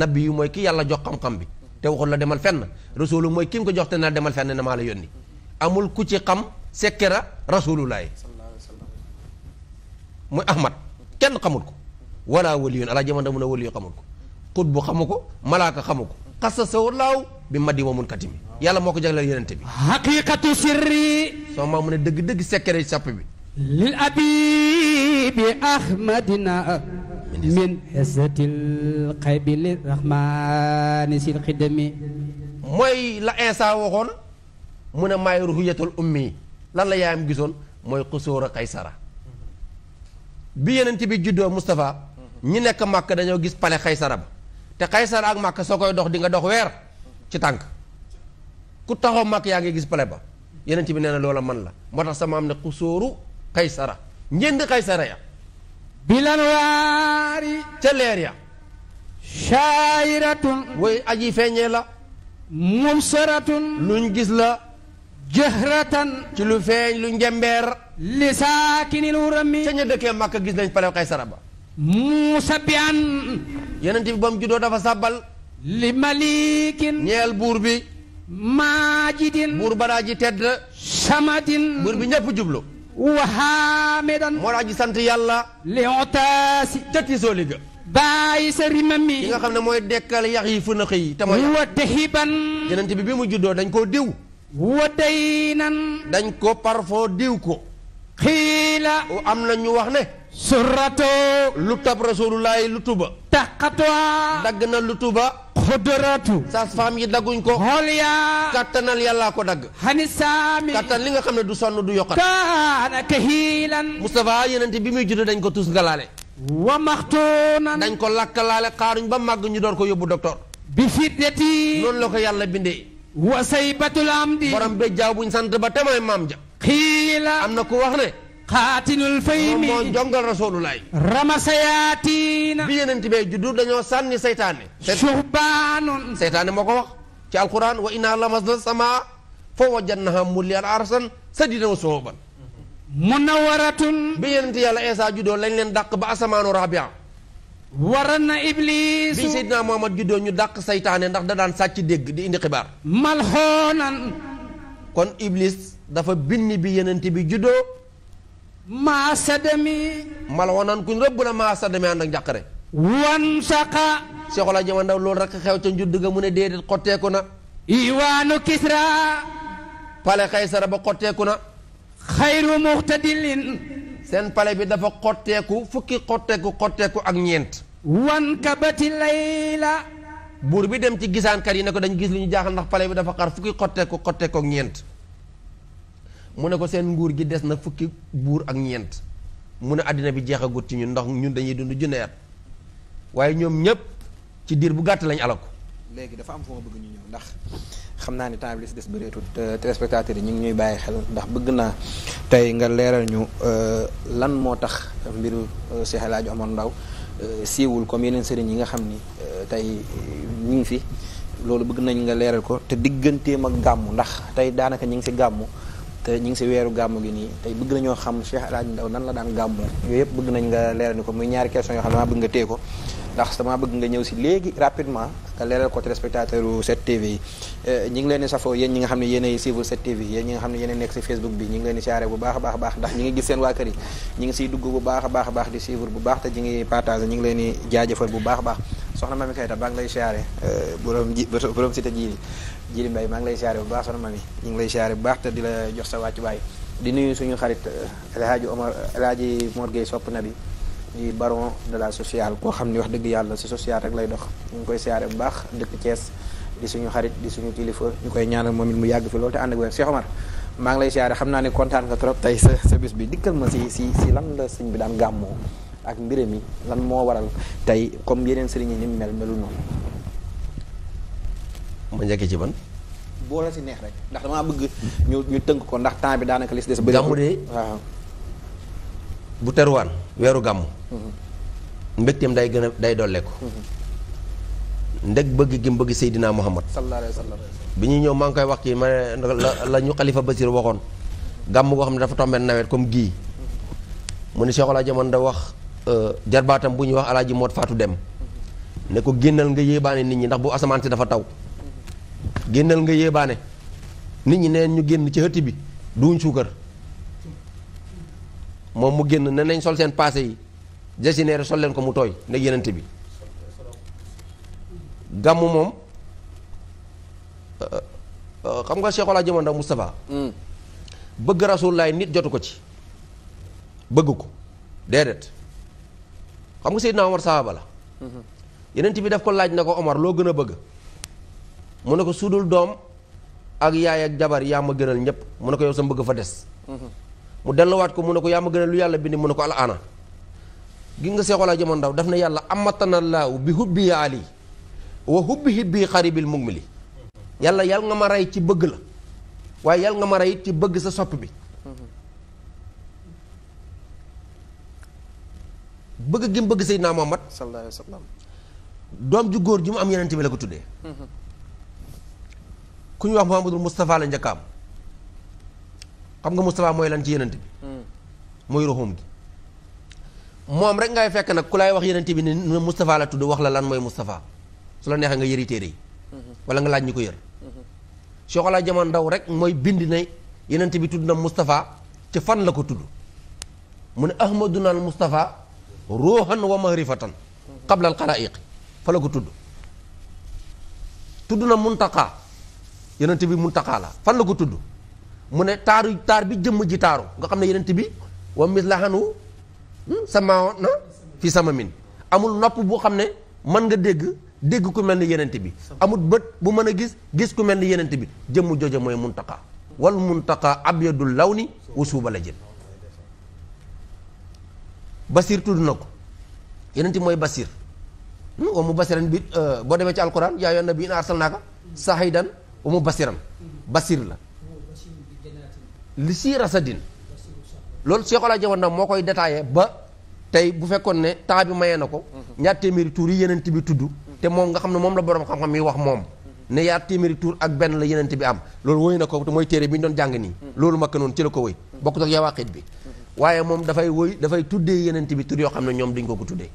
nabi yu mooy ki yàlla jox xam-xam bi te waxul la demal fenn rasulu mooy ki mu ko jox te naa demal fenn ne maa la yónni amul ku ci xam sekkera rasululaay muy ahmad kenn xamul ko wala waliyun alaa jaman mun a waliyu xamul ko xutbu xamu ko malaaka xamu ko xasa saw laaw bi madi wa mun katimi yàlla moo ko jagleel yenente bi xaqiqatu sirri soo maa mu ne dëgg-dëgg sekkere ci bi lil abibi ahmadina min xesatil xaybili rahmaani sil xidami mooy la Insa waxoon mu ne maay ruhiyatul ummi lan la yaayam gisoon mooy xusóor a Kaysara bi yeneen bi juddoo Moustapha ñi nekk Màkk dañoo gis pale Kaysara ba te Kaysara ak Màkk soo koy dox di nga dox weer ci tànk ku taxaw Màkk yaa ngi gis pale ba yeneen bi nee na loola man la moo tax sama am ne xusóoru Kaysara njënd Kaysara ya bilan waari ca leer ya shaayiratun way aji feeñee la mubsaratun luñ gis la jëhratan ci lu feeñ lu njembeer li saakinil wurami ca ña dëkkee Makka gis nañ palew Kaysara ba muusa bian yeneen bi ba juddoo dafa sàbbal li malikin ñeel buur bi maajidin buur banaa ji tedd samadin buur bi ñëpp jublu wa hamidan moo tax ji sant yàlla liotaasi ca tisooli ga bàyyi sa rimam mi ki nga xam ne mooy dekkal yax yi fu na xëy te mooy wa dehiban yenente bi bi mu juddoo dañ koo diw wa day nan dañ ko parfo diw ko xiila am na ñu wax ne surato lu tab rasulullahi lu tuba taqatwa dagg na lu tuba xoddaraatu sas faam yi dagguñ ko xool yaa kattanal yàllaa ko dagg xani saami kattan li nga xam ne du sonn du yokkat kaana kahiilan Moustapha yenente bi muy judd dañ ko tus ngalaale wa maxtuunan dañ ko lakkalaale xaaruñ ba màgg ñu door ko yóbbu docteur bi fitnati noonu la ko yàlla bindee wa saybatul amdi borom béjjaaw buñ sant ba te mooy maam ja xiila am na ko wax ne xaatinul faymi moom moo jongal rasulullaay rama sayaatina bi yeneen tibee juddu dañoo sànni seytaane suxbaanun seytaane moo ko wax ci alquran wa inna lamasna samaa fa wajadnaha mulliyan arsan sadidan wa suhuban munawaratun bi yeneen yàlla Eesa juddoo lañ leen dàq ba asamaanu rabia waran na iblis bi seydina Muhammad juddoo ñu dàq seytaane ndax da daan sàcc dégg di indi xibaar malxoonan kon iblis dafa binni bi yeneen bi juddoo maasa demi mala woonaan kuñ rëbb na maasa demi ànd ak njàqare wan saqa seexola jaman ndaw loolu rek xew ca njudd ga mu ne déedéet xotteeku na iwaanu kisra pale xaysara ba xotteeku na xayru muxtadilin seen pale bi dafa xotteeku fukki xotteeku xotteeku ak ñeent wan kabati layla buur bi dem ci gisaankat yi ne ko dañ gis lu ñu jaaxal ndax pale bi dafa xar fukki xotteeku xotteeku ak ñeent mu ne ko seen nguur gi des na fukki buur ak ñeent mu ne àddina bi jeexagut ci ñun ndax ñun dañuy dund junne at waaye ñoom ñëpp ci diir bu gàtt lañ ko léegi dafa am fu ma bëgg ñu ñëw ndax xam naa ni temps li si des bëreetul téléspectateurs yi ñu ngi ñuy bàyyi xel ndax bëgg naa tey nga leeral ñu euh, lan moo tax mbiru euh, Cheikh El Hadj Omar Ndao euh, siiwul comme yeneen sëriñ yi nga xam ni tey ñu ngi fi loolu bëgg nañ nga leeral ko te digganteem ak gàmmu ndax tey daanaka ñu ngi si gàmmu te ñu ngi si weeru gàmm gi nii tey bëgg nañoo xam Cheikh El Hadj Ndao nan la daan gàmmu yooyu yëpp bëgg nañ nga leeral ni ko muy ñaari question yoo xam ne maa bëgg nga téye ko ndax dama bëgg nga ñëw si léegi rapidement nga leeral ko téléspectateur u 7TV yi eh, ñi ngi leen di safoo yéen ñi nga xam ne yéenay suivre 7TV yéen ñi nga xam ne yéenay nekk si Facebook bi ñi ngi leen di siyaare bu baax a baax a baax ndax ñi ngi gis seen waa kër yi ñi ngi siy dugg bu baax a baax baax baax te ñi ngi a baa ngi lay siyaare eh, borom ji borom si te ji Jili Mbay maa ngi lay siyaare bu baax soxna mami ñu ngi lay siyaare bu baax te di la jox sa wàccu baay di nuyu suñu xarit eh, El Hadji Omar El Hadji Mor sopp na bi di baron de sociale koo xam ni wax dëgg yàlla si sociale rek lay dox ñu ngi koy siyaare bu baax dëkk Thiès di suñu xarit di suñu kilifa ñu koy ñaanal moom mu yàgg fi loolu te ànd ak wér Cheikh maa ngi lay siyaare xam naa ne kontaan nga trop tey sa sa bis bi dikkal ma si si si lan la sëñ bi daan gàmmoo ak mbiram yi lan moo waral tey comme yeneen sëriñ yi ni mu mel melu noonu ma njëkkee ci ban. boo la si neex rek ndax damaa bëgg ñu ñu tënk ko ndax temps bi li si des. bëri gàmmu de bu teruwaan weeru gàmm mhm. mbégteem day gën a day dolleeku. Mhm. ndeg bëgg gi mu bëgg Seydina Muhammad. sallallahu alayhi wa sallam. bi ñuy ñëw maa koy wax kii ma ne la ñu xalifa Basir waxoon. gàmm goo xam ne dafa tombé nawet comme gii. mu ne Cheikh Ola jamono da wax euh, jarbaatam bu ñuy wax alaaji moot faatu dem. Mhm. ne ko génnal nga yéebaane nit ñi ndax bu asamaan si dafa taw. génnal nga yéebaane nit ñi neen ñu génn ci hëtti bi duñ suukar moom mu génn ne nañ sol seen paase yi jasineere sol leen ko mu tooy nag yenente bi gàmmu moom euh, euh, xam nga Cheikh Jamono ndax Moustapha hmm. bëgg rasulullaay nit jotu ko ci bëgg ko déedéet xam nga Seydina Omar sahaaba la hmm. yenent bi daf ko laaj na ko Omar loo gën a bëgg mu ne ko sudul doom ak yaay ak jabar yaa ma gënal ñëpp mu ne ko yow sa mbëgg fa des. mu delluwaat ko mu ne ko yaa ma gënal lu yàlla bind mu ne ko al ana gi nga seexolaa jamono ndaw daf na yàlla amatanallaahu bi hubbi ali wa hubbi hibbi xaribil mugmili yàlla yal nga ma rey ci bëgg la waaye yal nga ma rey ci bëgg sa sopp bi bëgg gi mu bëgg Seydina Muhammad sallallahu alayhi wa doom ju góor ji mu am yeneen bi la ko tuddee mm-hmm. ku ñuy wax Mouhamadul Moustapha la njëkk xam nga Moustapha mooy lan ci yenente bi hmm. mooy roxoom gi moom rek ngay fekk nag ku lay wax yenente bi ni Moustapha la tudd wax la lan mooy Moustapha su la neexee nga yëri téere yi hmm. wala nga laaj ñu ko yër hmm. Cheikh Ola Jaman Ndaw rek mooy bind na yenente bi tudd na Moustapha ci fan la ko tudd mu ne ahmaduna al Moustapha ruuhan wa mahrifatan qabla al xalaa'iq fa la ko tudd tudd na muntaqa yonent bi muntaqa la fan la ko tudd mu ne taaru taar bi jëmm ji taaru nga xam ne yonent bi wa mislahanu hmm, sama na fi sama min amul nopp boo xam ne mën nga dégg dégg ku mel ni yonent bi amul bët bu mën a gis gis ku mel ni yenent bi jëmm jooja mooy muntaqa wal muntaqa abyadul lawni wa suuba la jël basir tudd na ko yonent bi mooy basir hmm, wa mu basiran bi euh, boo demee ci alquran yaa yoon na bi sa arsalnaaka sahidan umu basiram basir la li si rasadin loolu Cheikhul Jawanna moo koy détaillé ba tey bu fekkoon ne temps bi mayee na ko ñaar téeméeri tuur yi yenent bi tudd te moom nga xam ne moom la borom xam-xam yi wax moom ne yaar téeméeri tuur ak benn la yenent bi am loolu woy na ko te mooy téere bi ñu doon jàng nii loolu makk noonu ci la ko woy bokkut ak yawaaqit bi waaye moom dafay woy dafay tuddee yenent bi tur yoo xam ne ñoom duñ ko ko tuddee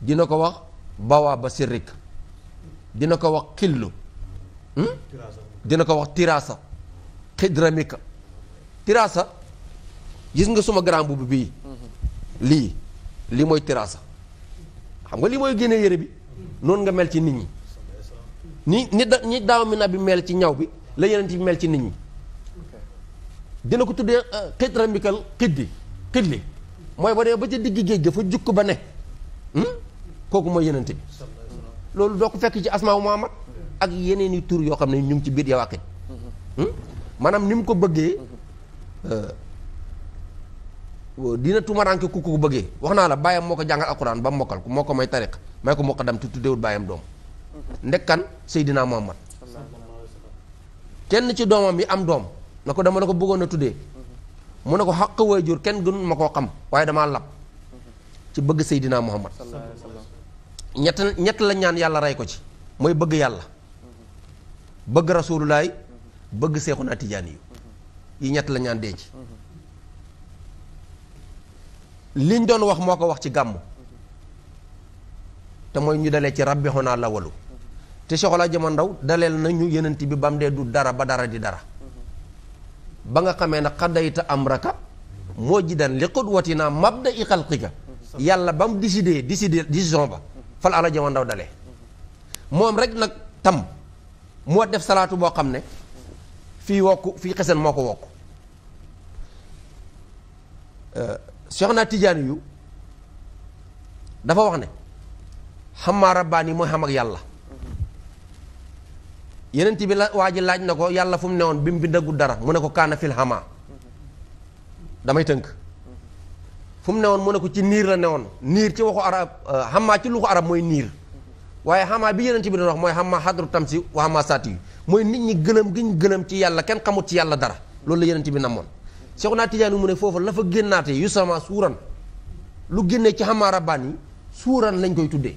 dina ko wax bawaa ba sirrik ko wax xillu Hmm? dina ko wax tiraasa xidramika tiraasa gis nga suma grand bubu bii lii lii mooy tiraasa xam nga lii mooy génne yére bi noonu nga mel ci nit ñi ni ni da ni daaw mi na bi mel ci ñaw bi la yeneen ci mel ci nit ñi dina ko tuddee euh, xidramikal xiddi xidli mooy ba dee ba ca digg géej ga fa jukk ba ne hmm? kooku mooy yenente bi loolu doo ko fekk ci asmaa Muhammad ak yeneen i tur yoo xam ne ñu ngi ci biir Yawaaqit hmm? maanaam ni mu ko bëggee euh, dina tumaranke ku ko bëggee wax naa la bàyyam moo ko jàngal alquran ba mu mokkal moo ko may tariq may ko muqaddam tu tuddewul bàyyam doom ndekkan Seydina Muhammad kenn ci doomam yi am doom na ko dama la ko bëggoon a tuddee mu ne ko xaq waajur kenn gënul ma koo xam waaye damaa lab ci bëgg Seydina Muhammad ñett ñett la ñaan yàlla rey ko ci mooy bëgg yàlla bëgg rasulullaay bëgg seexuna tijaani tijaan yi ñett lañaan ñaan dee ci liñ doon wax moo ko wax ci gàmm te mooy ñu dalee ci rabbi xonaa la walu te soxlaa jamono ndaw daleel nañu yenent bi bam dee du dara ba dara di dara ba nga xamee ne xadayta am raka moo ji daan li qudwatina na i xalqika yàlla ba mu décidé décidé décision ba fal ala jamono ndaw dalee moom rek nag tam moo def salaatu boo xam ne fii wokku fii xesen moo ko wokk Seexna euh, Tijaani yu dafa wax ne xammaa rabbaani mooy xam ak yàlla yenent bi la waa ji laaj na ko yàlla fu mu newoon bi mu bindagul dara mu ne ko kaana fil xamaa damay tënk fu mu newoon mu ne ko ci niir la newoon niir ci waxu arab xamaa euh, ci lu ko arab mooy niir waaye xamaa bi yeneen ci bi doon mooy xamaa xadru tamsi wa xamaa saati yi mooy nit ñi gëlëm gi ñu gëlëm ci yàlla kenn xamut ci yàlla dara loolu la yeneen ci bi namoon Cheikh naa Tidiane mu ne foofu la fa génnaate yu sama suuran lu génnee ci xamaa rabbaan yi suuran lañ koy tuddee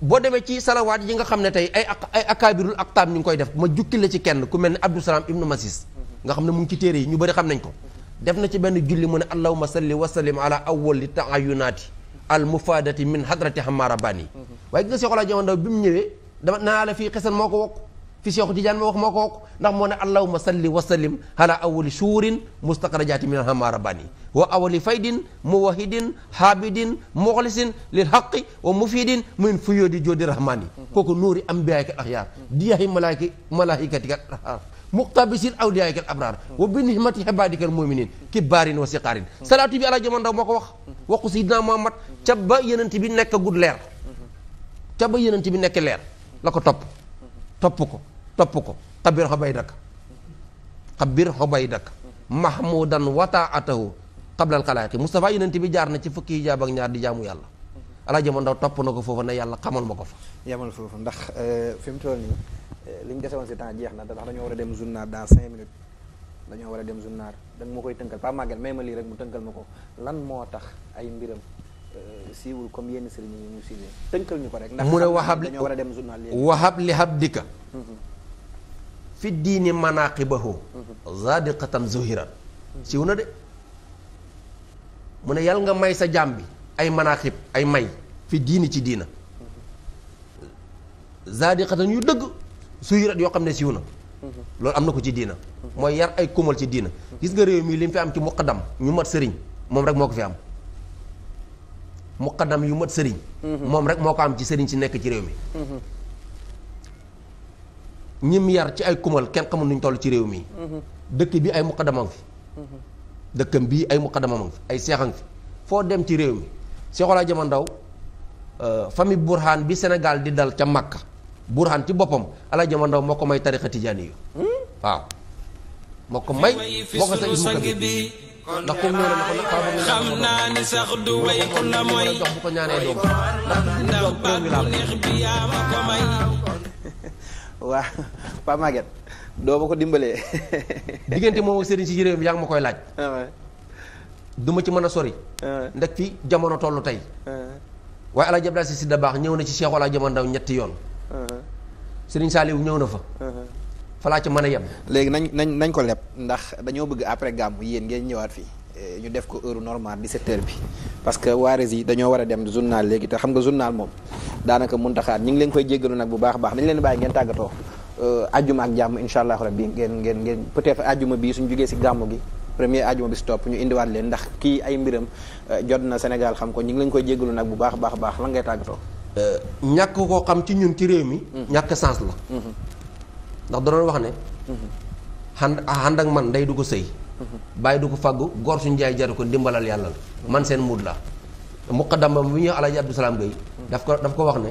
boo demee ci salawaat yi nga xam ne tey ay ay akaabirul aktaab ñu ngi koy def ma jukki la ci kenn ku mel ne Abdou Salaam ibnu Masis nga xam ne mu ngi ci téere yi ñu bëri xam nañ ko def na ci benn julli mu ne allahumma salli wa sallim ala awwali taayunaati al mufaadati min hadrati Hamma Rabbani waaye gi nga Seexul Hajji bi mu ñëwee dama naa la fii xesan moo ko wokk fi Seexu Tijaan moo ko wokk ndax moo ne allahumma salli wa sallim ala suurin mustaqrajaati min Hamma Rabbani wa awali faydin muwahidin habidin muxlisin lil haqi wa mufidin min fuyóodi joodi rahmaani kooku nuuri ambiyaay ka axyaar diyaay malaayki malaayikati ka muqtabisin awliyaa'ikal abraar wa bi nihmati ibaadikal mu'miniin kibaarin wa siqaarin salaatu bi alaaji man ndaw moo ko wax waxu Seydina Muhammad ca ba yenent bi nekk gud leer ca ba yenent bi nekk leer la ko topp topp ko topp ko xabir xobay dak xabir xobay dak mahmudan wataatahu qablal xalaaqi Moustapha yenent bi jaar na ci fukki hijaab ak ñaar di jaamu yàlla Alaaji Mandaw topp na ko foofu ne yàlla xamal ma ko fa. yamal foofu ndax euh, fi mu toll nii euh, li ñu desewoon si temps jeex na ndax dañoo war a dem journal dans cinq minutes dañoo war a dem journal danga moo koy tënkal pas màggal may ma lii rek mu tënkal ma ko lan moo tax ay mbiram euh, siiwul comme yenn sëriñ yi ñu siiwee tënkal ñu ko rek. ndax dañoo war a dem journal léegi mu ne wahab li hab dikka. Mhm. fi diini manaaqibahu mhm. zaadiqatan zuhiran siiw na de mu ne yàlla nga may sa jaam bi. ay manaaxib ay may fi diini ci diina zaadiqatan yu dëgg suy yoo xam ne siiw na loolu am na ko ci diina mooy yar ay kumal ci diina gis nga réew mii li mu fi am ci muqaddam ñu mat sëriñ moom rek moo ko fi am muqaddam yu mat sëriñ mhm. moom rek moo ko am ci sëriñ si nekk ci réew mi mhm. ñim yar ci ay kumal kenn xamul nuñ toll ci réew mii mhm. dëkk bi ay muqaddama ngi fi dëkkam bii ay muqaddama fi ay seex fi foo dem ci réew mi Cheikh Ola Jama Ndaw famille Burhan bi Sénégal di dal ca Makka Burhan ci boppam Ala Jama Ndaw moo ko may tariqa tijaani yu waaw moo ko may moo ko ko dimbalee diggante moom ak sëriñ si mi yaa ma koy laaj duma ci mën a sori. Ah. ndex fi jamono toll tey. Ah. waaye El Hadj Abdoulaye Cissé Dabakh ñëw na ci Cheikh Ola Jaman Ndaw ñetti yoon. Ah. Serigne Saliou ñëw na fa. falaa ci mën a yem. léegi nañ nañ nañ ko leb ndax dañoo bëgg après gàmmu yéen ngeen ñëwaat fii. Eh, ñu def ko heure normale 17h bi parce que waar yi dañoo war a dem journal léegi te xam nga journal moom daanaka mun taxaat ñu ngi leen koy jéggalu nag bu baax baax dañu leen bàyyi ngeen tàggatoo ajjuma eh, ak jàmm incha allah rabbi ngeen ngeen ngeen peut-être ajjuma bii suñu jugee si gàmmu gi premier ajuma bi si topp ñu indiwaat leen ndax kii ay mbiram euh, jot na Sénégal xam ko ñu ngi lañ koy jéggalu nag bu baax a baax baax lan ngay tàggatoo. Euh, ñàkk koo xam ci ñun ci réew mi. Mm-hmm. ñàkk sens la. Mm-hmm. ndax da doon wax ne. xand mm-hmm. xand man ndey du ko sëy. bàyyi du ko faggu góor jaay jaru ko ndimbalal yàlla la. man seen muud la muqaddam bi ñuy wax Alaaji Abdou Salaam Gueye daf ko daf ko wax ne.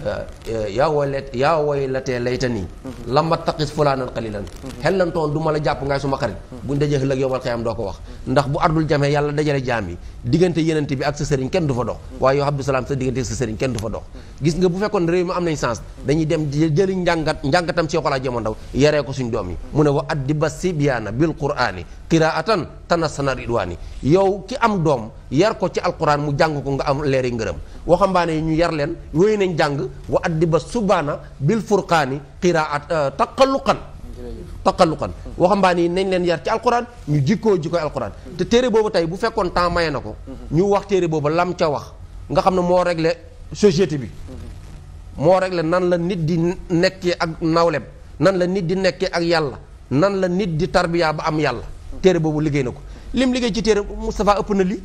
Euh, euh, yaa wooy le yaa wooy la tee layta nii la ma taqis fulaanan qalilan xellantoon du ma la jàpp ngaay suma xarit buñ dajee ëllëg yowmal xiyam doo ko wax ndax bu ardul jamee yàlla dajale jaam yi diggante yenente bi ak sa sëriñ kenn du fa dox waaye yow Abdou Salaam sa kenn du fa dox gis nga bu fekkoon réew mi am nañ dañuy dem jëli njàngat njàngatam ci jamono ndaw ko suñ doom yi mu ne wa addiba sibyaana bil quraani qiraatan tanassana ridwaani yow ki am doom yar ko ci alquran mu jàng ko nga am leeri ngërëm waxambaane yi ñu yar leen wéy nañ jàng wa addiba subaana bil furqaani qiraat euh, taqalluqan taqalluqan waxambaane yi nañ leen yar ci alquran ñu jikkoo jikkoo alquran te téere boobu tey bu fekkoon temps maye na ko ñu wax téere boobu lam ca wax nga xam ne moo réglé société bi moo réglé nan la nit di nekkee ak nawlem nan la nit di nekkee ak yàlla nan la nit di tarbiya ba am yàlla téere boobu liggéey na ko lim liggéey ci téere Moustapha ëpp na li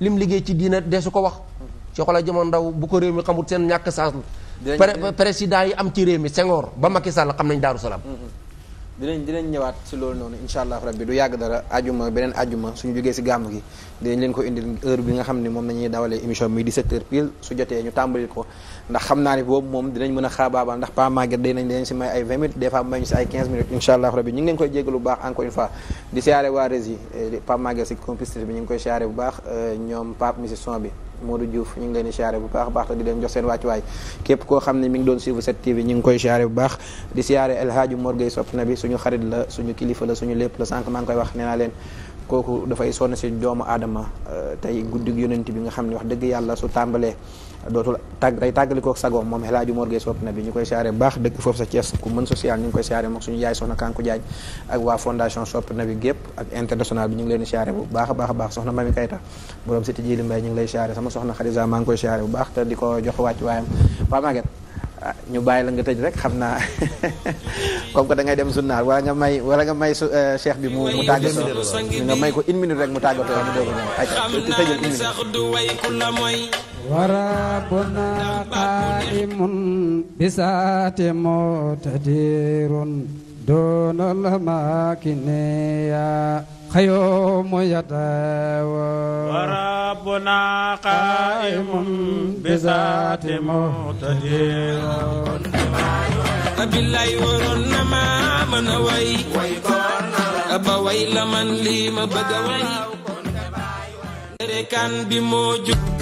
lim liggéey ci diina deesu ko wax ci xoolal jamono ndaw bu ko réew mi xamul seen ñàkk chance la président yi am ci réew mi Senghor ba Macky Sall xam nañ Daaru Salaam dinañ dinañ ñëwaat si loolu noonu incha allah rabbi du yàgg dara ajuma beneen ajuma suñu jógee si gàmm gi dinañ leen ko indil heure bi nga xam ne moom nañuy dawalee émission bi 17 heures pile su jotee ñu tàmbali ko ndax xam naa ne boobu moom dinañ mën a xaabaabal ndax pas màgget day nañ leen si may ay 20 minutes des fois may ñu si ay 15 minutes incha allah rabbi ñu ngi leen koy jégalu bu baax encore une fois di siyaare waa rési eh, Pape Maguette si complicité bi ñu ngi koy siyaare bu baax eh, ñoom Pape mi bi Modou leen di siyaare bu baax baax te di leen jox seen wàccuwaay képp koo ne mi ngi doon suivre cette TV ñu ngi koy siyaare bu baax di siyaare El Hadji suñu xarit la suñu kilifa suñu lépp la sànq maa ngi koy wax nee naa leen kooku dafay sonn si doomu aadama euh, tey guddig yonent bi nga xam ne wax dëgg yàlla su tàmbalee dootul tàgg day tàggali kook sagoom moom El Hadj Mor Gueye sopp na bi ñu koy siyaare baax dëkk foofu sa Thiès ku mën social ñu ngi koy siyaare moom suñu yaay soxna Kanku Diagne ak waa fondation sopp na bi gépp ak international bi ñu ngi leen siyaare bu baax a baax a baax soxna Mami Kayta borom si ti ji li mbay ñu ngi lay siyaare sama soxna Khadija maa ngi koy baax te ko jox wàcc waa Maguette a ah, ñu bàyyi la nga tëj rek xam naa comme que da ngay dem sunnaar wala nga may wala nga may su eh, cheikh bi mu mu tàggatoo nga may ko une minute rek mu tàggatoo mu doog a ñëw ayca tëjal une minute. وربنا قائم بساعة مقتدر دون الماكنية خيوم يداوى وربنا قائم بذات مقتدر بالله ورنا ما من وي أبا وي لمن لي ما بدوي كان بموجب